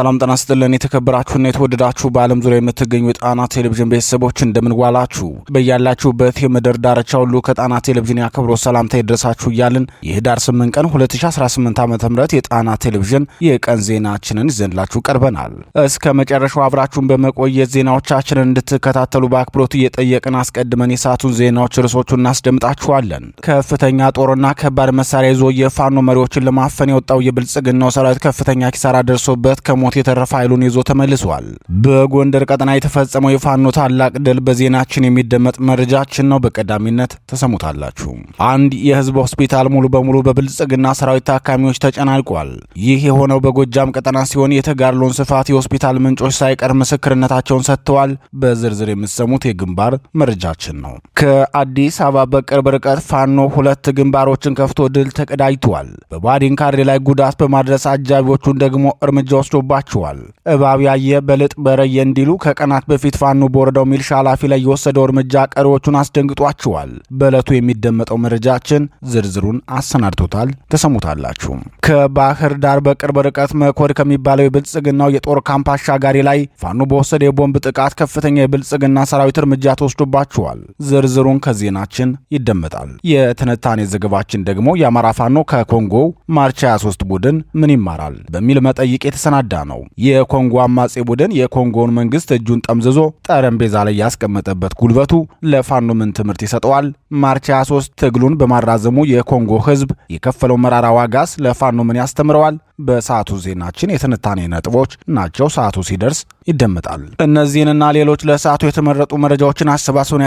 ሰላም ጤና ይስጥልን የተከበራችሁና የተወደዳችሁ በዓለም ዙሪያ የምትገኙ የጣና ቴሌቪዥን ቤተሰቦች እንደምንዋላችሁ በያላችሁበት የምድር ዳርቻ ሁሉ ከጣና ቴሌቪዥን የአክብሮ ሰላምታ ይድረሳችሁ እያልን የህዳር 8 ቀን 2018 ዓ ም የጣና ቴሌቪዥን የቀን ዜናችንን ይዘንላችሁ ቀርበናል። እስከ መጨረሻው አብራችሁን በመቆየት ዜናዎቻችንን እንድትከታተሉ በአክብሮት እየጠየቅን አስቀድመን የሰዓቱን ዜናዎች ርዕሶቹ እናስደምጣችኋለን። ከፍተኛ ጦርና ከባድ መሳሪያ ይዞ የፋኖ መሪዎችን ለማፈን የወጣው የብልጽግናው ሰራዊት ከፍተኛ ኪሳራ ደርሶበት ከሞ ሞት የተረፈ ኃይሉን ይዞ ተመልሷል። በጎንደር ቀጠና የተፈጸመው የፋኖ ታላቅ ድል በዜናችን የሚደመጥ መረጃችን ነው። በቀዳሚነት ተሰሙታላችሁ። አንድ የህዝብ ሆስፒታል ሙሉ በሙሉ በብልጽግና ሰራዊት ታካሚዎች ተጨናልቋል። ይህ የሆነው በጎጃም ቀጠና ሲሆን የተጋድሎን ስፋት የሆስፒታል ምንጮች ሳይቀር ምስክርነታቸውን ሰጥተዋል። በዝርዝር የምትሰሙት የግንባር መረጃችን ነው። ከአዲስ አበባ በቅርብ ርቀት ፋኖ ሁለት ግንባሮችን ከፍቶ ድል ተቀዳጅቷል። በባዲን ካሬ ላይ ጉዳት በማድረስ አጃቢዎቹን ደግሞ እርምጃ ወስዶ ደርሶባቸዋል። እባብ ያየ በልጥ በረየ እንዲሉ ከቀናት በፊት ፋኖ በወረዳው ሚልሻ ኃላፊ ላይ የወሰደው እርምጃ ቀሪዎቹን አስደንግጧቸዋል። በዕለቱ የሚደመጠው መረጃችን ዝርዝሩን አሰናድቶታል። ተሰሙታላችሁ። ከባህር ዳር በቅርብ ርቀት መኮድ ከሚባለው የብልጽግናው የጦር ካምፕ አሻጋሪ ላይ ፋኖ በወሰደ የቦምብ ጥቃት ከፍተኛ የብልጽግና ሰራዊት እርምጃ ተወስዶባቸዋል። ዝርዝሩን ከዜናችን ይደመጣል። የትንታኔ ዘገባችን ደግሞ የአማራ ፋኖ ከኮንጎ ማርች 23 ቡድን ምን ይማራል በሚል መጠይቅ የተሰናዳ ነው። የኮንጎ አማጼ ቡድን የኮንጎን መንግስት እጁን ጠምዝዞ ጠረጴዛ ላይ ያስቀመጠበት ጉልበቱ ለፋኖ ምን ትምህርት ይሰጠዋል? ማርች 23 ትግሉን በማራዘሙ የኮንጎ ህዝብ የከፈለው መራራ ዋጋስ ለፋኖ ምን ያስተምረዋል? በሰዓቱ ዜናችን የትንታኔ ነጥቦች ናቸው። ሰዓቱ ሲደርስ ይደመጣል። እነዚህንና ሌሎች ለሰዓቱ የተመረጡ መረጃዎችን አሰባስበን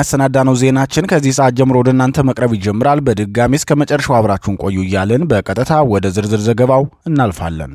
ነው ዜናችን ከዚህ ሰዓት ጀምሮ ወደ እናንተ መቅረብ ይጀምራል። በድጋሚ እስከ መጨረሻው አብራችሁን ቆዩ እያልን በቀጥታ ወደ ዝርዝር ዘገባው እናልፋለን።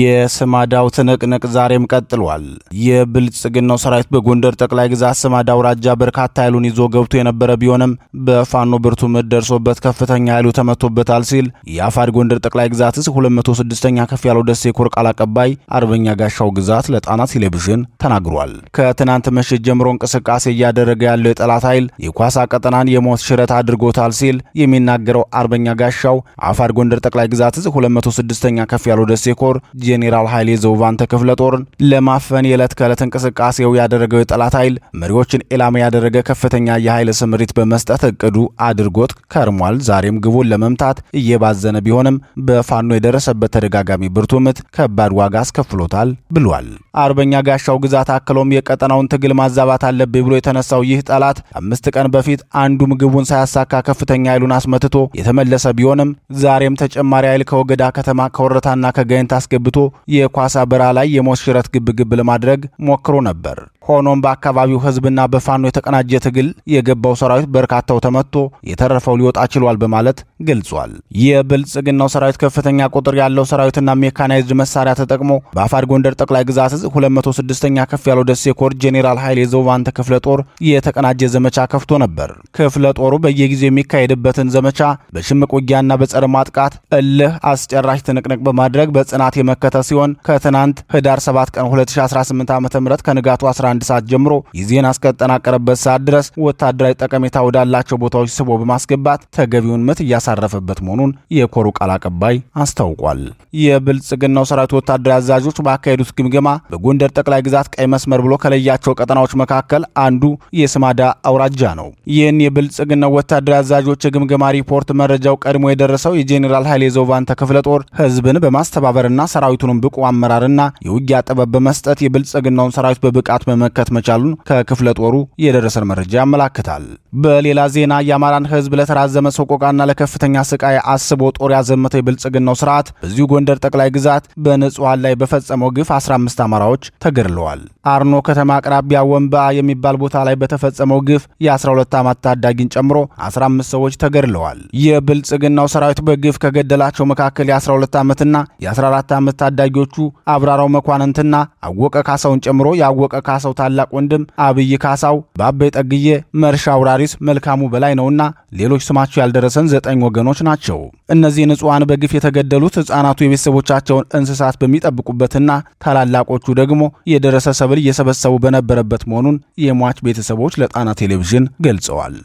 የስማዳው ትንቅንቅ ዛሬም ቀጥሏል። የብልጽግናው ሰራዊት በጎንደር ጠቅላይ ግዛት ስማዳ አውራጃ በርካታ ኃይሉን ይዞ ገብቶ የነበረ ቢሆንም በፋኖ ብርቱ ምት ደርሶበት ከፍተኛ ኃይሉ ተመቶበታል ሲል የአፋድ ጎንደር ጠቅላይ ግዛት እዝ 206ኛ ከፍ ያለው ደሴ ኮር ቃል አቀባይ አርበኛ ጋሻው ግዛት ለጣና ቴሌቪዥን ተናግሯል። ከትናንት ምሽት ጀምሮ እንቅስቃሴ እያደረገ ያለው የጠላት ኃይል የኳሳ ቀጠናን የሞት ሽረት አድርጎታል ሲል የሚናገረው አርበኛ ጋሻው አፋድ ጎንደር ጠቅላይ ግዛት እዝ 206ኛ ከፍ ያለው ደሴ ኮር ጄኔራል ኃይሌ ዘውባንተ ክፍለ ጦርን ለማፈን የዕለት ከዕለት እንቅስቃሴው ያደረገው የጠላት ኃይል መሪዎችን ኢላማ ያደረገ ከፍተኛ የኃይል ስምሪት በመስጠት እቅዱ አድርጎት ከርሟል። ዛሬም ግቡን ለመምታት እየባዘነ ቢሆንም በፋኖ የደረሰበት ተደጋጋሚ ብርቱ ምት ከባድ ዋጋ አስከፍሎታል ብሏል። አርበኛ ጋሻው ግዛት አክሎም የቀጠናውን ትግል ማዛባት አለብኝ ብሎ የተነሳው ይህ ጠላት አምስት ቀን በፊት አንዱ ምግቡን ሳያሳካ ከፍተኛ ኃይሉን አስመትቶ የተመለሰ ቢሆንም ዛሬም ተጨማሪ ኃይል ከወገዳ ከተማ ከወረታና ከጋይንት አስገብቶ የኳስ አበራ ላይ የሞት ሽረት ግብግብ ለማድረግ ሞክሮ ነበር። ሆኖም በአካባቢው ህዝብና በፋኖ የተቀናጀ ትግል የገባው ሰራዊት በርካታው ተመቶ የተረፈው ሊወጣ ችሏል በማለት ገልጿል። የብልጽግናው ሰራዊት ከፍተኛ ቁጥር ያለው ሰራዊትና ሜካናይዝድ መሳሪያ ተጠቅሞ በአፋድ ጎንደር ጠቅላይ ግዛት እዝ 206ኛ ከፍ ያለው ደሴ ኮር ጄኔራል ኃይሌ የዘውባንተ ክፍለ ጦር የተቀናጀ ዘመቻ ከፍቶ ነበር። ክፍለ ጦሩ በየጊዜው የሚካሄድበትን ዘመቻ በሽምቅ ውጊያና በጸረ ማጥቃት እልህ አስጨራሽ ትንቅንቅ በማድረግ በጽናት የመከተ ሲሆን ከትናንት ህዳር 7 ቀን 2018 ዓ ም ከንጋቱ 11 አንድ ሰዓት ጀምሮ የዜና ዜና እስከተጠናቀረበት ሰዓት ድረስ ወታደራዊ ጠቀሜታ ወዳላቸው ቦታዎች ስቦ በማስገባት ተገቢውን ምት እያሳረፈበት መሆኑን የኮሩ ቃል አቀባይ አስታውቋል። የብልጽግናው ሰራዊት ወታደራዊ አዛዦች ባካሄዱት ግምገማ በጎንደር ጠቅላይ ግዛት ቀይ መስመር ብሎ ከለያቸው ቀጠናዎች መካከል አንዱ የስማዳ አውራጃ ነው። ይህን የብልጽግናው ወታደራዊ አዛዦች የግምገማ ሪፖርት መረጃው ቀድሞ የደረሰው የጄኔራል ኃይሌ ዘውቫን ተክፍለ ጦር ህዝብን በማስተባበርና ሰራዊቱንም ብቁ አመራርና የውጊያ ጥበብ በመስጠት የብልጽግናውን ሰራዊት በብቃት መመ መመከት መቻሉን ከክፍለ ጦሩ የደረሰን መረጃ ያመላክታል። በሌላ ዜና የአማራን ሕዝብ ለተራዘመ ሰቆቃና ለከፍተኛ ስቃይ አስቦ ጦር ያዘመተ የብልጽግናው ስርዓት በዚሁ ጎንደር ጠቅላይ ግዛት በንጹሐን ላይ በፈጸመው ግፍ 15 አማራዎች ተገድለዋል። አርኖ ከተማ አቅራቢያ ወንባ የሚባል ቦታ ላይ በተፈጸመው ግፍ የ12 ዓመት ታዳጊን ጨምሮ 15 ሰዎች ተገድለዋል። የብልጽግናው ሰራዊት በግፍ ከገደላቸው መካከል የ12 ዓመትና የ14 ዓመት ታዳጊዎቹ አብራራው መኳንንትና አወቀ ካሳውን ጨምሮ የአወቀ ካሳው ታላቅ ወንድም አብይ ካሳው፣ በአበይ ጠግዬ፣ መርሻ አውራሪስ፣ መልካሙ በላይ ነውና ሌሎች ስማቸው ያልደረሰን ዘጠኝ ወገኖች ናቸው። እነዚህ ንጹሐን በግፍ የተገደሉት ሕፃናቱ የቤተሰቦቻቸውን እንስሳት በሚጠብቁበትና ታላላቆቹ ደግሞ የደረሰ ሰብል እየሰበሰቡ በነበረበት መሆኑን የሟች ቤተሰቦች ለጣና ቴሌቪዥን ገልጸዋል።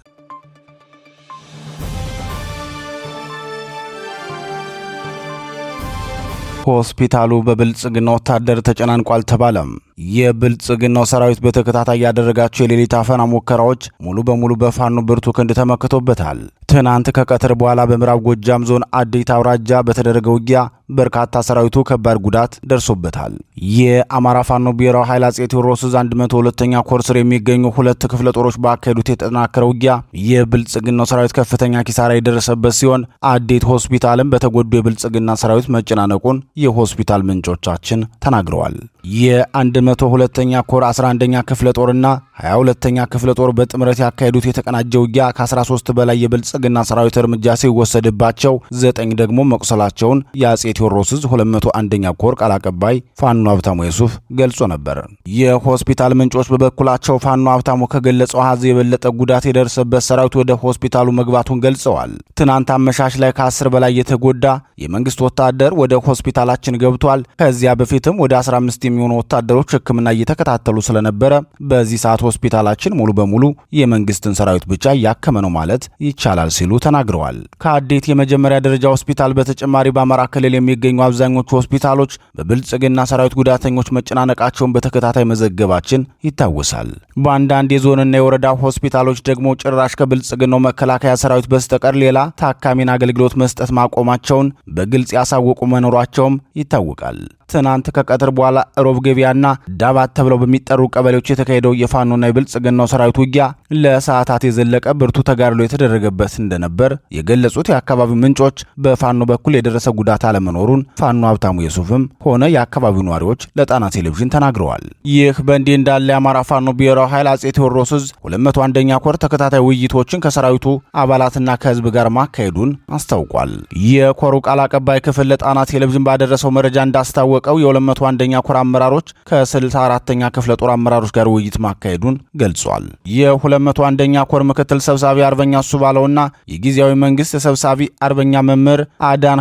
ሆስፒታሉ በብልጽግና ወታደር ተጨናንቋል ተባለም። የብልጽግናው ሰራዊት በተከታታይ ያደረጋቸው የሌሊት አፈና ሙከራዎች ሙሉ በሙሉ በፋኖ ብርቱ ክንድ ተመክቶበታል። ትናንት ከቀትር በኋላ በምዕራብ ጎጃም ዞን አዲት አውራጃ በተደረገ ውጊያ በርካታ ሰራዊቱ ከባድ ጉዳት ደርሶበታል። የአማራ ፋኖ ብሔራዊ ኃይል አጼ ቴዎድሮስ ዝ 12 ኛ ኮር ስር የሚገኙ ሁለት ክፍለ ጦሮች ባካሄዱት የተጠናከረ ውጊያ የብልጽግናው ሰራዊት ከፍተኛ ኪሳራ የደረሰበት ሲሆን አዴት ሆስፒታልም በተጎዱ የብልጽግና ሰራዊት መጨናነቁን የሆስፒታል ምንጮቻችን ተናግረዋል። የ102ኛ ኮር 11ኛ ክፍለ ጦርና 22ኛ ክፍለ ጦር በጥምረት ያካሄዱት የተቀናጀ ውጊያ ከ13 በላይ የብልጽ የብልጽግና ሰራዊት እርምጃ ሲወሰድባቸው ዘጠኝ ደግሞ መቁሰላቸውን የአጼ ቴዎድሮስ ዝ 201ኛ ኮር ቃል አቀባይ ፋኖ ሀብታሙ የሱፍ ገልጾ ነበር። የሆስፒታል ምንጮች በበኩላቸው ፋኖ ሀብታሙ ከገለጸው አሃዝ የበለጠ ጉዳት የደረሰበት ሰራዊት ወደ ሆስፒታሉ መግባቱን ገልጸዋል። ትናንት አመሻሽ ላይ ከአስር በላይ የተጎዳ የመንግስት ወታደር ወደ ሆስፒታላችን ገብቷል። ከዚያ በፊትም ወደ 15 የሚሆኑ ወታደሮች ሕክምና እየተከታተሉ ስለነበረ በዚህ ሰዓት ሆስፒታላችን ሙሉ በሙሉ የመንግስትን ሰራዊት ብቻ እያከመ ነው ማለት ይቻላል ሲሉ ተናግረዋል። ከአዴት የመጀመሪያ ደረጃ ሆስፒታል በተጨማሪ በአማራ ክልል የሚገኙ አብዛኞቹ ሆስፒታሎች በብልጽግና ሰራዊት ጉዳተኞች መጨናነቃቸውን በተከታታይ መዘገባችን ይታወሳል። በአንዳንድ የዞንና የወረዳ ሆስፒታሎች ደግሞ ጭራሽ ከብልጽግናው መከላከያ ሰራዊት በስተቀር ሌላ ታካሚን አገልግሎት መስጠት ማቆማቸውን በግልጽ ያሳወቁ መኖሯቸውም ይታወቃል። ትናንት ከቀትር በኋላ ሮብ ገበያና ዳባት ተብለው በሚጠሩ ቀበሌዎች የተካሄደው የፋኖና የብልጽግናው ሰራዊት ውጊያ ለሰዓታት የዘለቀ ብርቱ ተጋድሎ የተደረገበት እንደነበር የገለጹት የአካባቢው ምንጮች በፋኖ በኩል የደረሰ ጉዳት አለመኖሩን ፋኖ ሀብታሙ የሱፍም ሆነ የአካባቢው ነዋሪዎች ለጣና ቴሌቪዥን ተናግረዋል። ይህ በእንዲህ እንዳለ የአማራ ፋኖ ብሔራዊ ኃይል አጼ ቴዎድሮስ ዕዝ 201ኛ ኮር ተከታታይ ውይይቶችን ከሰራዊቱ አባላትና ከህዝብ ጋር ማካሄዱን አስታውቋል። የኮሩ ቃል አቀባይ ክፍል ለጣና ቴሌቪዥን ባደረሰው መረጃ እንዳስታወቀ ያስታወቀው የ201ኛ ኮር አመራሮች ከ64ኛ ክፍለ ጦር አመራሮች ጋር ውይይት ማካሄዱን ገልጿል። የ201ኛ ኮር ምክትል ሰብሳቢ አርበኛ እሱ ባለውና የጊዜያዊ መንግስት ሰብሳቢ አርበኛ መምህር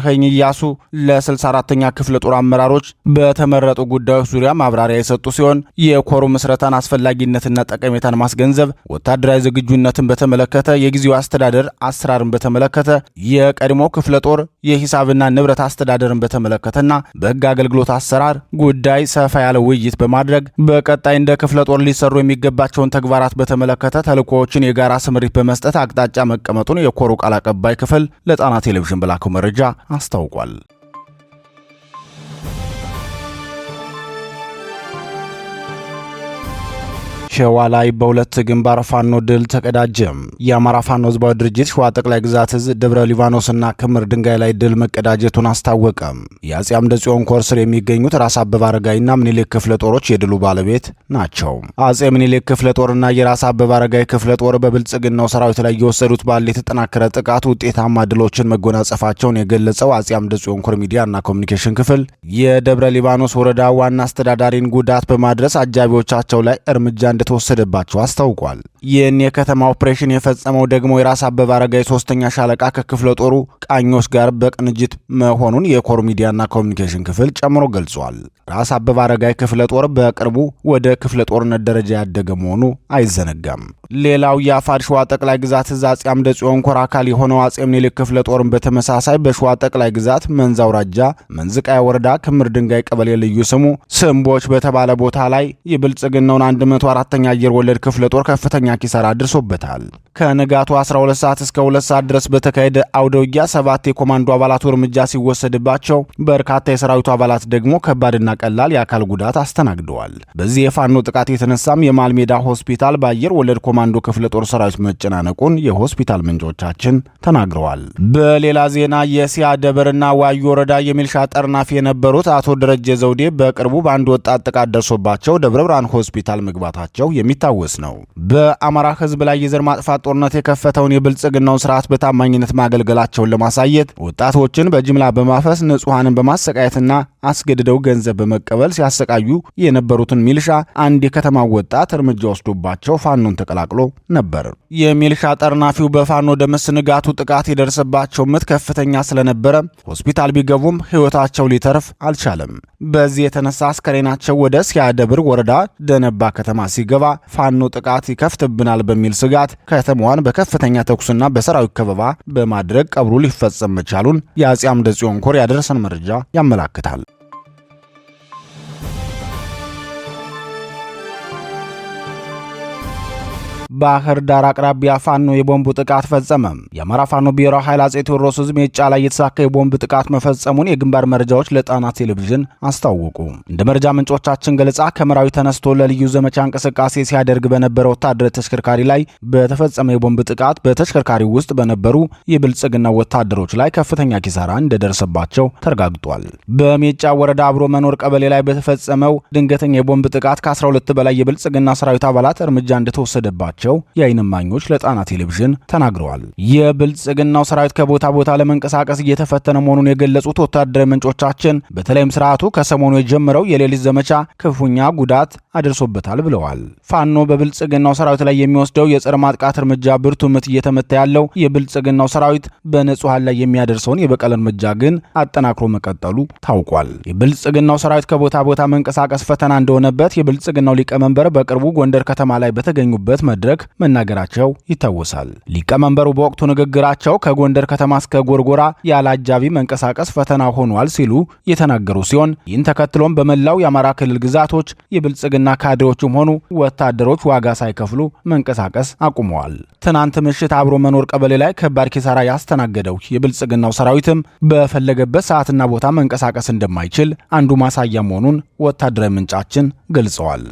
ኸኝ እያሱ ለ64ኛ ክፍለ ጦር አመራሮች በተመረጡ ጉዳዮች ዙሪያ ማብራሪያ የሰጡ ሲሆን የኮሩ ምስረታን አስፈላጊነትና ጠቀሜታን ማስገንዘብ፣ ወታደራዊ ዝግጁነትን በተመለከተ፣ የጊዜው አስተዳደር አሰራርን በተመለከተ፣ የቀድሞ ክፍለ ጦር የሂሳብና ንብረት አስተዳደርን በተመለከተና በህግ አገልግሎት ሰራዊት አሰራር ጉዳይ ሰፋ ያለ ውይይት በማድረግ በቀጣይ እንደ ክፍለ ጦር ሊሰሩ የሚገባቸውን ተግባራት በተመለከተ ተልእኮዎችን የጋራ ስምሪት በመስጠት አቅጣጫ መቀመጡን የኮሩ ቃል አቀባይ ክፍል ለጣና ቴሌቪዥን በላከው መረጃ አስታውቋል። ሸዋ ላይ በሁለት ግንባር ፋኖ ድል ተቀዳጀ። የአማራ ፋኖ ህዝባዊ ድርጅት ሸዋ ጠቅላይ ግዛት እዝ ደብረ ሊባኖስና ክምር ድንጋይ ላይ ድል መቀዳጀቱን አስታወቀ። የአጼ አምደ ጽዮን ኮር ስር የሚገኙት ራስ አበበ አረጋይና ምኒልክ ክፍለ ጦሮች የድሉ ባለቤት ናቸው። አጼ ምኒልክ ክፍለ ጦርና የራስ አበበ አረጋይ ክፍለ ጦር በብልጽግናው ሰራዊት ላይ የወሰዱት ባለ የተጠናከረ ጥቃት ውጤታማ ድሎችን መጎናጸፋቸውን የገለጸው አጼ አምደ ጽዮን ኮር ሚዲያና ኮሚኒኬሽን ክፍል የደብረ ሊባኖስ ወረዳ ዋና አስተዳዳሪን ጉዳት በማድረስ አጃቢዎቻቸው ላይ እርምጃ እንደተወሰደባቸው አስታውቋል። ይህን የከተማ ኦፕሬሽን የፈጸመው ደግሞ የራስ አበበ አረጋይ ሶስተኛ ሻለቃ ከክፍለ ጦሩ ቃኞች ጋር በቅንጅት መሆኑን የኮር ሚዲያና ኮሚኒኬሽን ክፍል ጨምሮ ገልጿል። ራስ አበበ አረጋይ ክፍለ ጦር በቅርቡ ወደ ክፍለ ጦርነት ደረጃ ያደገ መሆኑ አይዘነጋም። ሌላው የአፋድ ሸዋ ጠቅላይ ግዛት እዝ አጼ አምደ ጽዮን ኮር አካል የሆነው አጼ ምኒልክ ክፍለ ጦርን በተመሳሳይ በሸዋ ጠቅላይ ግዛት መንዝ አውራጃ መንዝቃያ ወረዳ ክምር ድንጋይ ቀበሌ ልዩ ስሙ ስምቦች በተባለ ቦታ ላይ የብልጽግናውን አራተኛ አየር ወለድ ክፍለ ጦር ከፍተኛ ኪሳራ አድርሶበታል። ከንጋቱ 12 ሰዓት እስከ 2 ሰዓት ድረስ በተካሄደ አውደውጊያ ሰባት የኮማንዶ አባላቱ እርምጃ ሲወሰድባቸው በርካታ የሰራዊቱ አባላት ደግሞ ከባድና ቀላል የአካል ጉዳት አስተናግደዋል። በዚህ የፋኖ ጥቃት የተነሳም የማልሜዳ ሆስፒታል በአየር ወለድ ኮማንዶ ክፍለ ጦር ሰራዊት መጨናነቁን የሆስፒታል ምንጮቻችን ተናግረዋል። በሌላ ዜና የሲያ ደበርና ዋዩ ወረዳ የሚልሻ ጠርናፊ የነበሩት አቶ ደረጀ ዘውዴ በቅርቡ በአንድ ወጣት ጥቃት ደርሶባቸው ደብረ ብርሃን ሆስፒታል መግባታቸው የሚታወስ ነው። በአማራ ህዝብ ላይ የዘር ማጥፋት ጦርነት የከፈተውን የብልጽግናውን ስርዓት በታማኝነት ማገልገላቸውን ለማሳየት ወጣቶችን በጅምላ በማፈስ ንጹሐንን በማሰቃየትና አስገድደው ገንዘብ በመቀበል ሲያሰቃዩ የነበሩትን ሚልሻ አንድ የከተማ ወጣት እርምጃ ወስዶባቸው ፋኖን ተቀላቅሎ ነበር። የሚልሻ ጠርናፊው በፋኖ ደመስ ንጋቱ ጥቃት የደረሰባቸው ምት ከፍተኛ ስለነበረ ሆስፒታል ቢገቡም ሕይወታቸው ሊተርፍ አልቻለም። በዚህ የተነሳ አስከሬናቸው ወደ ሲያደብር ወረዳ ደነባ ከተማ ሲገባ ፋኖ ጥቃት ይከፍትብናል በሚል ስጋት ከተማዋን በከፍተኛ ተኩስና በሰራዊት ከበባ በማድረግ ቀብሩ ሊፈጸም መቻሉን የአጼ አምደ ጽዮን ኮር ያደረሰን መረጃ ያመላክታል። ባህር ዳር አቅራቢያ ፋኖ የቦምብ ጥቃት ፈጸመ። የአማራ ፋኖ ብሔራዊ ኃይል አጼ ቴዎድሮስ ህዝብ ሜጫ ላይ የተሳካ የቦምብ ጥቃት መፈጸሙን የግንባር መረጃዎች ለጣና ቴሌቪዥን አስታወቁ። እንደ መረጃ ምንጮቻችን ገለጻ ከመራዊ ተነስቶ ለልዩ ዘመቻ እንቅስቃሴ ሲያደርግ በነበረ ወታደራዊ ተሽከርካሪ ላይ በተፈጸመ የቦምብ ጥቃት በተሽከርካሪው ውስጥ በነበሩ የብልጽግና ወታደሮች ላይ ከፍተኛ ኪሳራ እንደደረሰባቸው ተረጋግጧል። በሜጫ ወረዳ አብሮ መኖር ቀበሌ ላይ በተፈጸመው ድንገተኛ የቦምብ ጥቃት ከ12 በላይ የብልጽግና ሰራዊት አባላት እርምጃ እንደተወሰደባቸው መሆናቸው የዓይን እማኞች ለጣና ቴሌቪዥን ተናግረዋል። የብልጽግናው ሰራዊት ከቦታ ቦታ ለመንቀሳቀስ እየተፈተነ መሆኑን የገለጹት ወታደራዊ ምንጮቻችን በተለይም ስርዓቱ ከሰሞኑ የጀመረው የሌሊት ዘመቻ ክፉኛ ጉዳት አድርሶበታል ብለዋል። ፋኖ በብልጽግናው ሰራዊት ላይ የሚወስደው የጸረ ማጥቃት እርምጃ ብርቱ ምት እየተመታ ያለው የብልጽግናው ሰራዊት በንጹሐን ላይ የሚያደርሰውን የበቀል እርምጃ ግን አጠናክሮ መቀጠሉ ታውቋል። የብልጽግናው ሰራዊት ከቦታ ቦታ መንቀሳቀስ ፈተና እንደሆነበት የብልጽግናው ሊቀመንበር በቅርቡ ጎንደር ከተማ ላይ በተገኙበት መድረክ መድረክ መናገራቸው ይታወሳል። ሊቀመንበሩ በወቅቱ ንግግራቸው ከጎንደር ከተማ እስከ ጎርጎራ ያለ አጃቢ መንቀሳቀስ ፈተና ሆኗል ሲሉ የተናገሩ ሲሆን ይህን ተከትሎም በመላው የአማራ ክልል ግዛቶች የብልጽግና ካድሬዎችም ሆኑ ወታደሮች ዋጋ ሳይከፍሉ መንቀሳቀስ አቁመዋል። ትናንት ምሽት አብሮ መኖር ቀበሌ ላይ ከባድ ኪሳራ ያስተናገደው የብልጽግናው ሰራዊትም በፈለገበት ሰዓትና ቦታ መንቀሳቀስ እንደማይችል አንዱ ማሳያ መሆኑን ወታደራዊ ምንጫችን ገልጸዋል።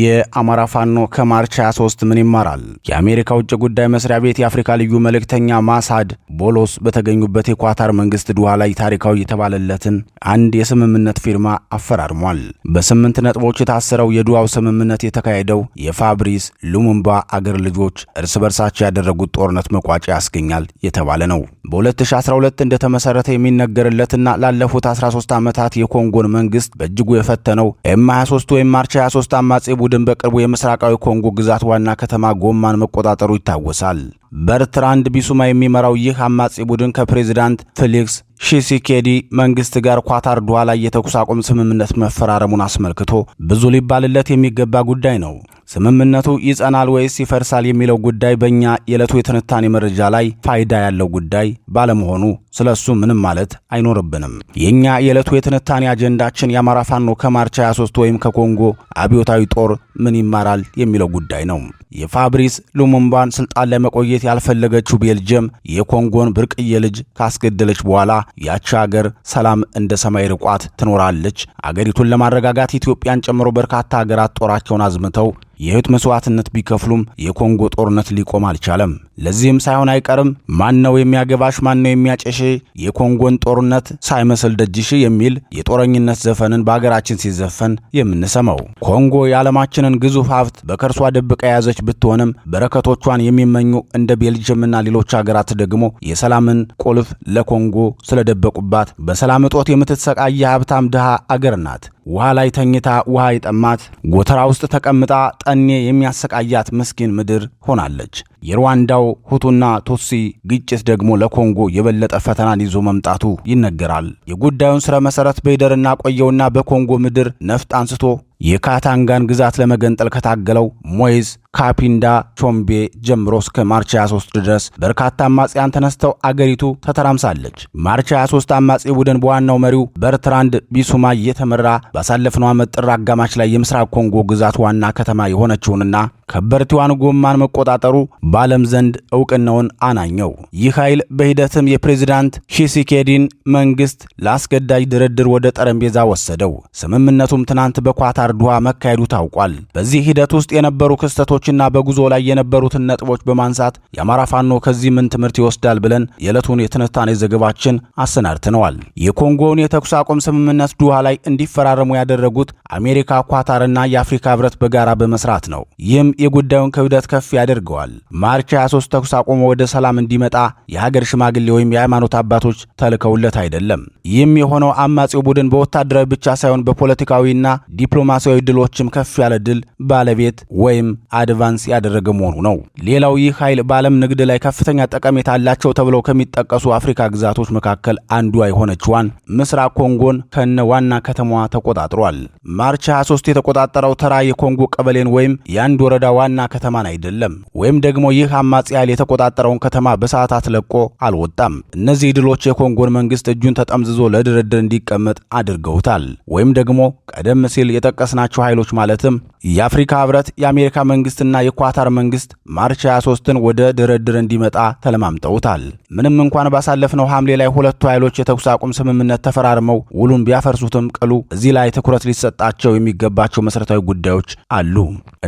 የአማራ ፋኖ ከማርች 23 ምን ይማራል? የአሜሪካ ውጭ ጉዳይ መስሪያ ቤት የአፍሪካ ልዩ መልእክተኛ ማሳድ ቦሎስ በተገኙበት የኳታር መንግስት ዱሃ ላይ ታሪካዊ የተባለለትን አንድ የስምምነት ፊርማ አፈራርሟል። በስምንት ነጥቦች የታሰረው የዱሃው ስምምነት የተካሄደው የፋብሪስ ሉሙምባ አገር ልጆች እርስ በርሳቸው ያደረጉት ጦርነት መቋጫ ያስገኛል የተባለ ነው። በ2012 እንደተመሰረተ የሚነገርለትና ላለፉት 13 ዓመታት የኮንጎን መንግስት በእጅጉ የፈተነው ኤም 23 ወይም ማርች 23 አማጼ ቡድን በቅርቡ የምስራቃዊ ኮንጎ ግዛት ዋና ከተማ ጎማን መቆጣጠሩ ይታወሳል። በርትራንድ ቢሱማ የሚመራው ይህ አማጺ ቡድን ከፕሬዚዳንት ፌሊክስ ሺሲኬዲ መንግስት ጋር ኳታር ዱዋ ላይ የተኩስ አቁም ስምምነት መፈራረሙን አስመልክቶ ብዙ ሊባልለት የሚገባ ጉዳይ ነው። ስምምነቱ ይጸናል ወይስ ይፈርሳል የሚለው ጉዳይ በእኛ የዕለቱ የትንታኔ መረጃ ላይ ፋይዳ ያለው ጉዳይ ባለመሆኑ ስለ እሱ ምንም ማለት አይኖርብንም። የእኛ የዕለቱ የትንታኔ አጀንዳችን የአማራ ፋኖ ከማርች 23 ወይም ከኮንጎ አብዮታዊ ጦር ምን ይማራል የሚለው ጉዳይ ነው። የፋብሪስ ሉሙምባን ስልጣን ላይ መቆየት ያልፈለገችው ቤልጅየም የኮንጎን ብርቅዬ ልጅ ካስገደለች በኋላ ያቺ አገር ሰላም እንደ ሰማይ ርቋት ትኖራለች። አገሪቱን ለማረጋጋት ኢትዮጵያን ጨምሮ በርካታ አገራት ጦራቸውን አዝምተው የህይወት መስዋዕትነት ቢከፍሉም የኮንጎ ጦርነት ሊቆም አልቻለም። ለዚህም ሳይሆን አይቀርም ማን ነው የሚያገባሽ ማን ነው የሚያጨሽ የኮንጎን ጦርነት ሳይመስል ደጅሽ የሚል የጦረኝነት ዘፈንን በአገራችን ሲዘፈን የምንሰማው። ኮንጎ የዓለማችንን ግዙፍ ሀብት በከርሷ ደብቃ የያዘች ብትሆንም በረከቶቿን የሚመኙ እንደ ቤልጅየምና ሌሎች ሀገራት ደግሞ የሰላምን ቁልፍ ለኮንጎ ስለደበቁባት በሰላም እጦት የምትሰቃየ ሀብታም ድሃ አገር ናት። ውሃ ላይ ተኝታ ውሃ የጠማት ጎተራ ውስጥ ተቀምጣ ጠኔ የሚያሰቃያት ምስኪን ምድር ሆናለች። የሩዋንዳው ሁቱና ቱትሲ ግጭት ደግሞ ለኮንጎ የበለጠ ፈተናን ይዞ መምጣቱ ይነገራል። የጉዳዩን ስረ መሰረት በይደርና እናቆየውና በኮንጎ ምድር ነፍጥ አንስቶ የካታንጋን ግዛት ለመገንጠል ከታገለው ሞይዝ ካፒንዳ ቾምቤ ጀምሮ እስከ ማርች 23 ድረስ በርካታ አማጽያን ተነስተው አገሪቱ ተተራምሳለች። ማርች 23 አማጺ ቡድን በዋናው መሪው በርትራንድ ቢሱማ እየተመራ ባሳለፍነው ዓመት ጥር አጋማሽ ላይ የምስራቅ ኮንጎ ግዛት ዋና ከተማ የሆነችውንና ከበርቲዋን ጎማን መቆጣጠሩ በዓለም ዘንድ እውቅናውን አናኘው። ይህ ኃይል በሂደትም የፕሬዚዳንት ሺሲኬዲን መንግሥት ለአስገዳጅ ድርድር ወደ ጠረጴዛ ወሰደው። ስምምነቱም ትናንት በኳታር አርዷ መካሄዱ ታውቋል። በዚህ ሂደት ውስጥ የነበሩ ክስተቶችና በጉዞ ላይ የነበሩትን ነጥቦች በማንሳት የአማራ ፋኖ ከዚህ ምን ትምህርት ይወስዳል ብለን የዕለቱን የትንታኔ ዘገባችን አሰናድተነዋል። የኮንጎውን የተኩስ አቁም ስምምነት ዱሃ ላይ እንዲፈራረሙ ያደረጉት አሜሪካ፣ ኳታርና የአፍሪካ ህብረት በጋራ በመስራት ነው። ይህም የጉዳዩን ክብደት ከፍ ያደርገዋል። ማርች 23 ተኩስ አቁሞ ወደ ሰላም እንዲመጣ የሀገር ሽማግሌ ወይም የሃይማኖት አባቶች ተልከውለት አይደለም። ይህም የሆነው አማጺው ቡድን በወታደራዊ ብቻ ሳይሆን በፖለቲካዊና ዲፕሎማ ዲፕሎማሲያዊ ድሎችም ከፍ ያለ ድል ባለቤት ወይም አድቫንስ ያደረገ መሆኑ ነው። ሌላው ይህ ኃይል በዓለም ንግድ ላይ ከፍተኛ ጠቀሜታ አላቸው ተብለው ከሚጠቀሱ አፍሪካ ግዛቶች መካከል አንዷ የሆነችዋን ምስራቅ ኮንጎን ከነ ዋና ከተማዋ ተቆጣጥሯል። ማርች 23 የተቆጣጠረው ተራ የኮንጎ ቀበሌን ወይም የአንድ ወረዳ ዋና ከተማን አይደለም። ወይም ደግሞ ይህ አማጺ ኃይል የተቆጣጠረውን ከተማ በሰዓታት ለቆ አልወጣም። እነዚህ ድሎች የኮንጎን መንግስት እጁን ተጠምዝዞ ለድርድር እንዲቀመጥ አድርገውታል። ወይም ደግሞ ቀደም ሲል የጠቀሰ የጠቀስናቸው ኃይሎች ማለትም የአፍሪካ ህብረት፣ የአሜሪካ መንግስትና የኳታር መንግስት ማርች 23ን ወደ ድርድር እንዲመጣ ተለማምጠውታል። ምንም እንኳን ባሳለፍነው ሐምሌ ላይ ሁለቱ ኃይሎች የተኩስ አቁም ስምምነት ተፈራርመው ውሉን ቢያፈርሱትም ቅሉ እዚህ ላይ ትኩረት ሊሰጣቸው የሚገባቸው መሠረታዊ ጉዳዮች አሉ።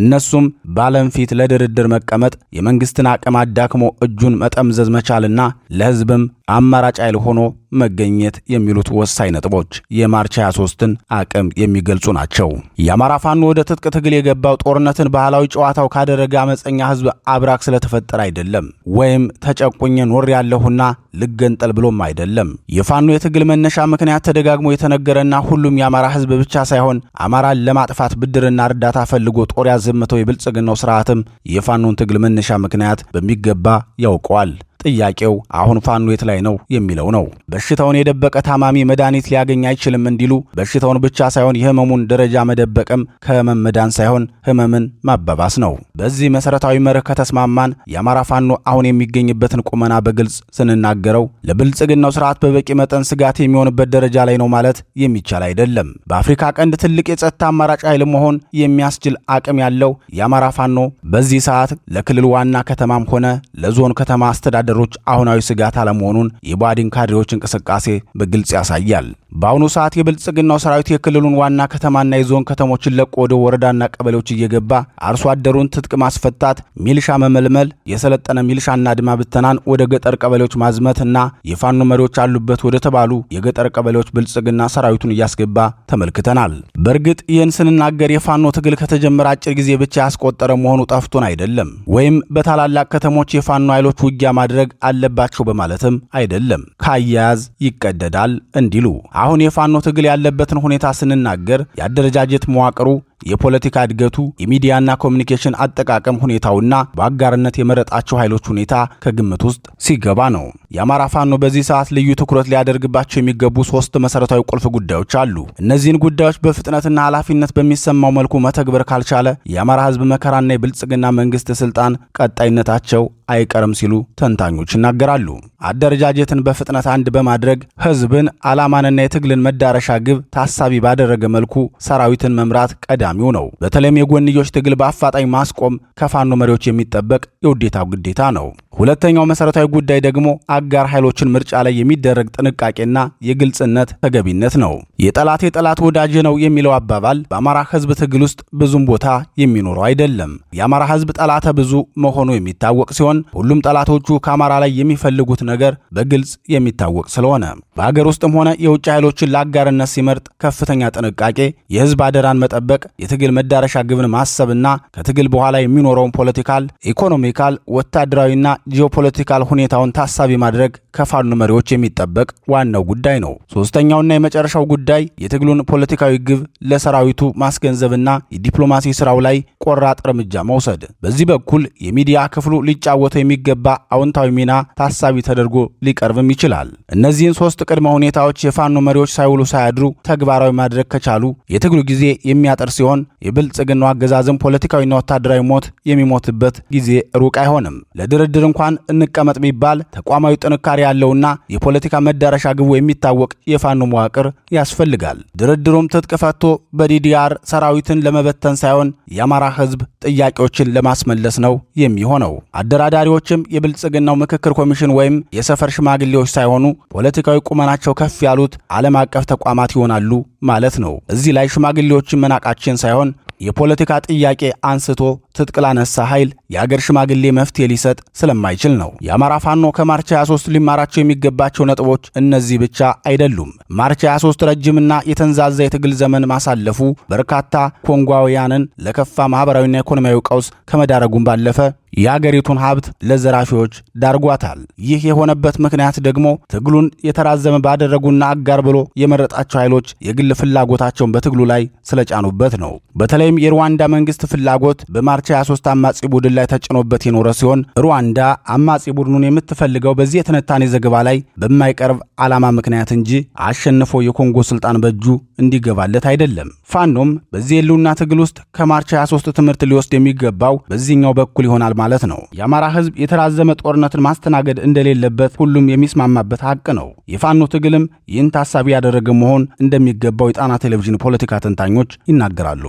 እነሱም በዓለም ፊት ለድርድር መቀመጥ የመንግስትን አቅም አዳክሞ እጁን መጠምዘዝ መቻልና ለህዝብም አማራጭ ኃይል ሆኖ መገኘት የሚሉት ወሳኝ ነጥቦች የማርች 23ን አቅም የሚገልጹ ናቸው። የአማራ ፋኖ ወደ ትጥቅ ትግል የገባው ጦርነትን ባህላዊ ጨዋታው ካደረገ አመፀኛ ህዝብ አብራክ ስለተፈጠረ አይደለም፣ ወይም ተጨቁኝ ኖር ያለሁና ልገንጠል ብሎም አይደለም። የፋኖ የትግል መነሻ ምክንያት ተደጋግሞ የተነገረና ሁሉም የአማራ ህዝብ ብቻ ሳይሆን አማራን ለማጥፋት ብድርና እርዳታ ፈልጎ ጦር ያዘመተው የብልጽግናው ስርዓትም የፋኖን ትግል መነሻ ምክንያት በሚገባ ያውቀዋል። ጥያቄው አሁን ፋኖ የት ላይ ነው የሚለው ነው። በሽታውን የደበቀ ታማሚ መድኃኒት ሊያገኝ አይችልም እንዲሉ በሽታውን ብቻ ሳይሆን የህመሙን ደረጃ መደበቅም ከህመም መዳን ሳይሆን ህመምን ማባባስ ነው። በዚህ መሰረታዊ መርህ ከተስማማን የአማራ ፋኖ አሁን የሚገኝበትን ቁመና በግልጽ ስንናገረው ለብልጽግናው ስርዓት በበቂ መጠን ስጋት የሚሆንበት ደረጃ ላይ ነው ማለት የሚቻል አይደለም። በአፍሪካ ቀንድ ትልቅ የጸጥታ አማራጭ ኃይል መሆን የሚያስችል አቅም ያለው የአማራ ፋኖ በዚህ ሰዓት ለክልል ዋና ከተማም ሆነ ለዞን ከተማ አስተዳደር ወታደሮች አሁናዊ ስጋት አለመሆኑን የባዲን ካድሬዎች እንቅስቃሴ በግልጽ ያሳያል። በአሁኑ ሰዓት የብልጽግናው ሰራዊት የክልሉን ዋና ከተማና የዞን ከተሞችን ለቆ ወደ ወረዳና ቀበሌዎች እየገባ አርሶ አደሩን ትጥቅ ማስፈታት፣ ሚልሻ መመልመል፣ የሰለጠነ ሚልሻና አድማ ብተናን ወደ ገጠር ቀበሌዎች ማዝመት እና የፋኖ መሪዎች አሉበት ወደ ተባሉ የገጠር ቀበሌዎች ብልጽግና ሰራዊቱን እያስገባ ተመልክተናል። በእርግጥ ይህን ስንናገር የፋኖ ትግል ከተጀመረ አጭር ጊዜ ብቻ ያስቆጠረ መሆኑ ጠፍቶን አይደለም፣ ወይም በታላላቅ ከተሞች የፋኖ ኃይሎች ውጊያ ማድረግ አለባቸው በማለትም አይደለም። ከአያያዝ ይቀደዳል እንዲሉ አሁን የፋኖ ትግል ያለበትን ሁኔታ ስንናገር የአደረጃጀት መዋቅሩ የፖለቲካ እድገቱ፣ የሚዲያና ኮሚኒኬሽን አጠቃቀም ሁኔታውና በአጋርነት የመረጣቸው ኃይሎች ሁኔታ ከግምት ውስጥ ሲገባ ነው። የአማራ ፋኖ በዚህ ሰዓት ልዩ ትኩረት ሊያደርግባቸው የሚገቡ ሶስት መሰረታዊ ቁልፍ ጉዳዮች አሉ። እነዚህን ጉዳዮች በፍጥነትና ኃላፊነት በሚሰማው መልኩ መተግበር ካልቻለ የአማራ ህዝብ መከራና የብልጽግና መንግስት ስልጣን ቀጣይነታቸው አይቀርም ሲሉ ተንታኞች ይናገራሉ። አደረጃጀትን በፍጥነት አንድ በማድረግ ሕዝብን ዓላማንና የትግልን መዳረሻ ግብ ታሳቢ ባደረገ መልኩ ሰራዊትን መምራት ቀዳሚ ቀዳሚው ነው። በተለይም የጎንዮሽ ትግል በአፋጣኝ ማስቆም ከፋኖ መሪዎች የሚጠበቅ የውዴታው ግዴታ ነው። ሁለተኛው መሰረታዊ ጉዳይ ደግሞ አጋር ኃይሎችን ምርጫ ላይ የሚደረግ ጥንቃቄና የግልጽነት ተገቢነት ነው። የጠላት ጠላት ወዳጅ ነው የሚለው አባባል በአማራ ሕዝብ ትግል ውስጥ ብዙም ቦታ የሚኖረው አይደለም። የአማራ ሕዝብ ጠላተ ብዙ መሆኑ የሚታወቅ ሲሆን ሁሉም ጠላቶቹ ከአማራ ላይ የሚፈልጉት ነገር በግልጽ የሚታወቅ ስለሆነ በአገር ውስጥም ሆነ የውጭ ኃይሎችን ለአጋርነት ሲመርጥ ከፍተኛ ጥንቃቄ፣ የህዝብ አደራን መጠበቅ፣ የትግል መዳረሻ ግብን ማሰብና ከትግል በኋላ የሚኖረውን ፖለቲካል፣ ኢኮኖሚካል፣ ወታደራዊና ጂኦፖለቲካል ሁኔታውን ታሳቢ ማድረግ ከፋኖ መሪዎች የሚጠበቅ ዋናው ጉዳይ ነው። ሶስተኛውና የመጨረሻው ጉዳይ የትግሉን ፖለቲካዊ ግብ ለሰራዊቱ ማስገንዘብና የዲፕሎማሲ ስራው ላይ ቆራጥ እርምጃ መውሰድ። በዚህ በኩል የሚዲያ ክፍሉ ሊጫወተው የሚገባ አዎንታዊ ሚና ታሳቢ ተደርጎ ሊቀርብም ይችላል። እነዚህን ሶስት ቅድመ ሁኔታዎች የፋኖ መሪዎች ሳይውሉ ሳያድሩ ተግባራዊ ማድረግ ከቻሉ የትግሉ ጊዜ የሚያጠር ሲሆን የብልጽግናው አገዛዝም ፖለቲካዊና ወታደራዊ ሞት የሚሞትበት ጊዜ ሩቅ አይሆንም። ለድርድር እንኳን እንቀመጥ ቢባል ተቋማዊ ጥንካሬ ያለውና የፖለቲካ መዳረሻ ግቡ የሚታወቅ የፋኖ መዋቅር ያስፈልጋል። ድርድሩም ትጥቅ ፈቶ በዲዲአር ሰራዊትን ለመበተን ሳይሆን የአማራ ሕዝብ ጥያቄዎችን ለማስመለስ ነው የሚሆነው። አደራዳሪዎችም የብልጽግናው ምክክር ኮሚሽን ወይም የሰፈር ሽማግሌዎች ሳይሆኑ ፖለቲካዊ ቁመናቸው ከፍ ያሉት ዓለም አቀፍ ተቋማት ይሆናሉ ማለት ነው። እዚህ ላይ ሽማግሌዎችን መናቃችን ሳይሆን የፖለቲካ ጥያቄ አንስቶ ትጥቅ ላነሳ ኃይል የአገር ሽማግሌ መፍትሄ ሊሰጥ ስለማይችል ነው። የአማራ ፋኖ ከማርች 23 ሊማራቸው የሚገባቸው ነጥቦች እነዚህ ብቻ አይደሉም። ማርች 23 ረጅምና የተንዛዛ የትግል ዘመን ማሳለፉ በርካታ ኮንጓውያንን ለከፋ ማኅበራዊና ኢኮኖሚያዊ ቀውስ ከመዳረጉን ባለፈ የአገሪቱን ሀብት ለዘራፊዎች ዳርጓታል። ይህ የሆነበት ምክንያት ደግሞ ትግሉን የተራዘመ ባደረጉና አጋር ብሎ የመረጣቸው ኃይሎች የግል ፍላጎታቸውን በትግሉ ላይ ስለጫኑበት ነው። በተለይም የሩዋንዳ መንግስት ፍላጎት በማር ማርች 23 አማጺ ቡድን ላይ ተጭኖበት የኖረ ሲሆን ሩዋንዳ አማጺ ቡድኑን የምትፈልገው በዚህ የትንታኔ ዘገባ ላይ በማይቀርብ ዓላማ ምክንያት እንጂ አሸንፎ የኮንጎ ስልጣን በእጁ እንዲገባለት አይደለም። ፋኖም በዚህ የህልውና ትግል ውስጥ ከማርች 23 ትምህርት ሊወስድ የሚገባው በዚህኛው በኩል ይሆናል ማለት ነው። የአማራ ህዝብ የተራዘመ ጦርነትን ማስተናገድ እንደሌለበት ሁሉም የሚስማማበት ሀቅ ነው። የፋኖ ትግልም ይህን ታሳቢ ያደረገ መሆን እንደሚገባው የጣና ቴሌቪዥን ፖለቲካ ተንታኞች ይናገራሉ።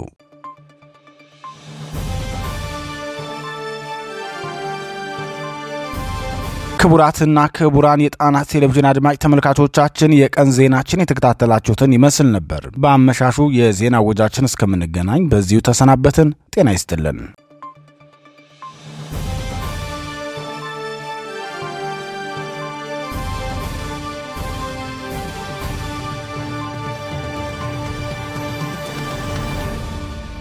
ክቡራትና ክቡራን የጣና ቴሌቪዥን አድማጭ ተመልካቾቻችን የቀን ዜናችን የተከታተላችሁትን ይመስል ነበር። በአመሻሹ የዜና ወጃችን እስከምንገናኝ በዚሁ ተሰናበትን። ጤና ይስጥልን።